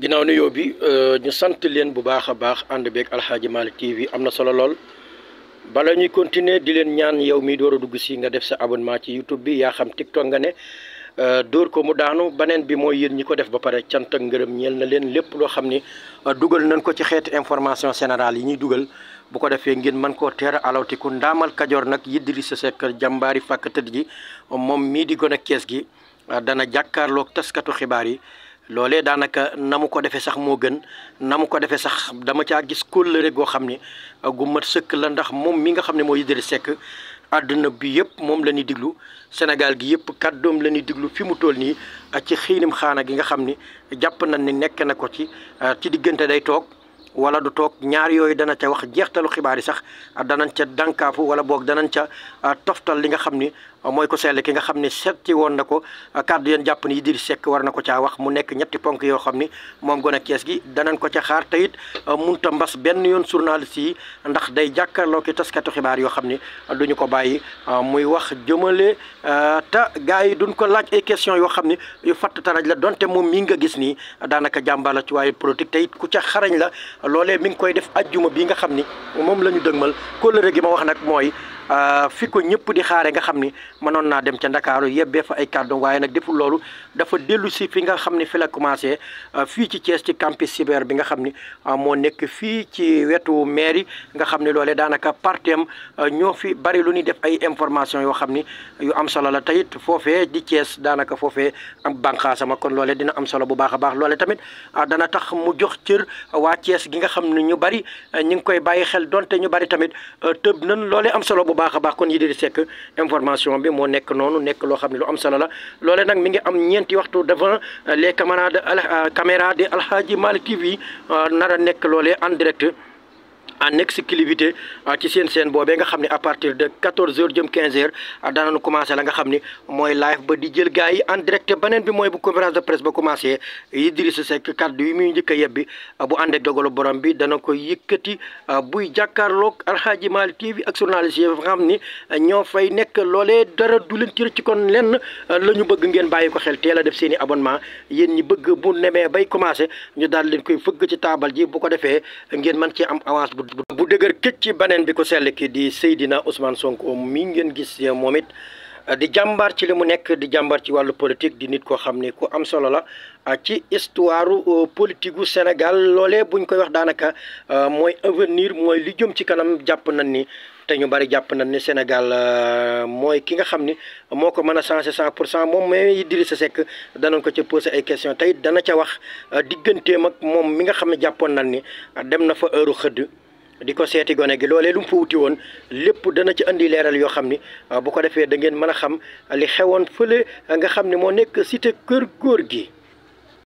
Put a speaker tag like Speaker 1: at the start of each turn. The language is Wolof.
Speaker 1: ginnaaw ne yow bi euh, ñu sant leen bu baax a baax ànd beeg Aladji Malick TV am na solo lool bala ñuy continuer di leen ñaan yow mi door a dugg si nga def sa abonnement ci YouTube bi yaa xam TikTok nga ne euh, dóor ko mu daanu beneen bi mooy yéen ñu ko def ba pare cant ak ngërëm ñeel na leen lépp loo xam ni euh, dugal nañ ko ci xeetu information générale yi ñuy dugal bu ko defee ngeen mën koo teer a alawtiku ndaamal kajoor nag Idrissa Seck jàmbaari fàkk tëdd ji moom mii di gën a kees gi dana jàkkaarloog taskatu xibaar yi loole daanaka na mu ko defee sax moo gën na mu ko defee sax dama caa gis kóllëre goo xam ni gu mat sëkk la ndax moom mi nga xam ne moo Idriss Seck àdduna bi yëpp la ñuy diglu Sénégal gi yëpp kàddoom la ñuy diglu fi mu toll nii ci xiinim xaana gi nga xam ni jàpp nañ ni nekk na ko ci ci diggante day toog wala du toog ñaar yooyu dana ca wax jeextalu xibaar yi sax danañ ca dànkaafu wala boog danañ ca toftal li nga xam ni mooy ko sell ki nga xam ne setti woon na ko kàddu yéen jàpp ni Idriss sekk war na ko caa wax mu nekk ñetti ponk yoo xam ni moom gone kees gi danañ ko ca xaar te it euh, munta benn yoon journaliste yi ndax day jàkkaarloo ki taskatu xibaar yoo xam ni duñu ko bàyyi euh, muy wax jëmale euh, te gars yi duñ ko laaj ay question yoo xam ni yu fatt taraj la donte moom mi nga gis nii daanaka jàmbaar ci waaye politique te it ku ca xarañ la loole mi ngi koy def ajjuma bi nga xam ni moom la ñu dëgmal kóllëre gi ma wax nag mooy Euh, fi ko ñëpp di xaare nga xam ni mënoon naa dem ca ndakaaru yebbee fa ay kàddoom waaye nag deful loolu dafa dellu si fi nga xam ni fi la commencé euh, fii ci Thiès ci campus bi nga xam ni euh, moo nekk fii ci wetu mairie nga xam ni loole daanaka partem ñoo fi bari lu ñuy def ay information yoo xam ni yu am solo la tayit foofee di Thiès daanaka foofee am bànqaasama kon loolee dina am solo bu baax a baax loole tamit a dana tax mu jox cër wa cees gi nga xam ni ñu bari ñu koy bàyyi xel donte ñu bari tamit tëb baax a baax kon Idrissa Seck information bi moo nekk noonu nekk loo xam ne lu am solo loole nag mi ngi am ñeenti waxtu devant euh, les camarades euh, caméra de TV euh, nar a nekk loolee en direct en exclusivité euh, ci seen seen boobee nga xam ne à partir de 14 heures jëm 15 heures euh, daanañu commencé la nga xam ni mooy live ba di jël gars yi en direct beneen bi mooy bu conférence de presse ba commencé Idrissa Seck kaddu yi muy jëkk a yebbi euh, bu ànd ak dogalu borom bi dana ko yëkkati buy jàkkaarloog Alxaaji Maalik TV ak journaliste yi nga xam ni ñoo fay nekk loolee dara du leen tir ci kon lenn la ñu bëgg ngeen bàyyi ko xel teel a def seen i abonnement yéen ñi bëgg bu nemee bay commencé ñu daal leen koy fëgg ci taabal ji bu ko defee ngeen mën cee am avance bu bu dëgër këcc ci beneen bi ko sell ki di Seydina sonk Sonko mi ngeen gis moom it di jàmbaar ci li mu nekk di jàmbaar ci wàllu politique di nit koo xam ne ku am solo la ah, ci histoire euh, politique gu Sénégal loolee buñ koy wax daanaka euh, mooy avenir mooy li jëm ci kanam jàpp nañ ni te ñu bari jàpp nañ ni Sénégal euh, mooy ki nga xam ni moo ko mën a changé cent pour cent moom mais Idrissa Seck danañ ko ci posé ay tey dana ca wax digganteem ak moom mi nga xam ne jàppoon nañ ni ah, dem na fa heur xëdd di ko seeti gone gi loolee lu mu fa wuti woon lépp dana ci indi leeral yoo xam ni bu ko defee dangeen ngeen mën a xam li xewoon fële nga xam ne moo nekk si te kër góor gi